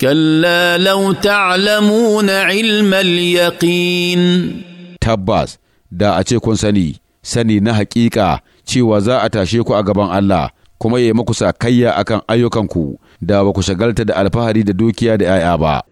كلا لو تعلمون علم اليقين تباس دا أتي sani sani na نحقيقا cewa za a tashe ku a gaban Allah kuma ya yi muku sakayya akan ayyukanku da ba ku shagalta da alfahari da dukiya da 'ya'ya ba.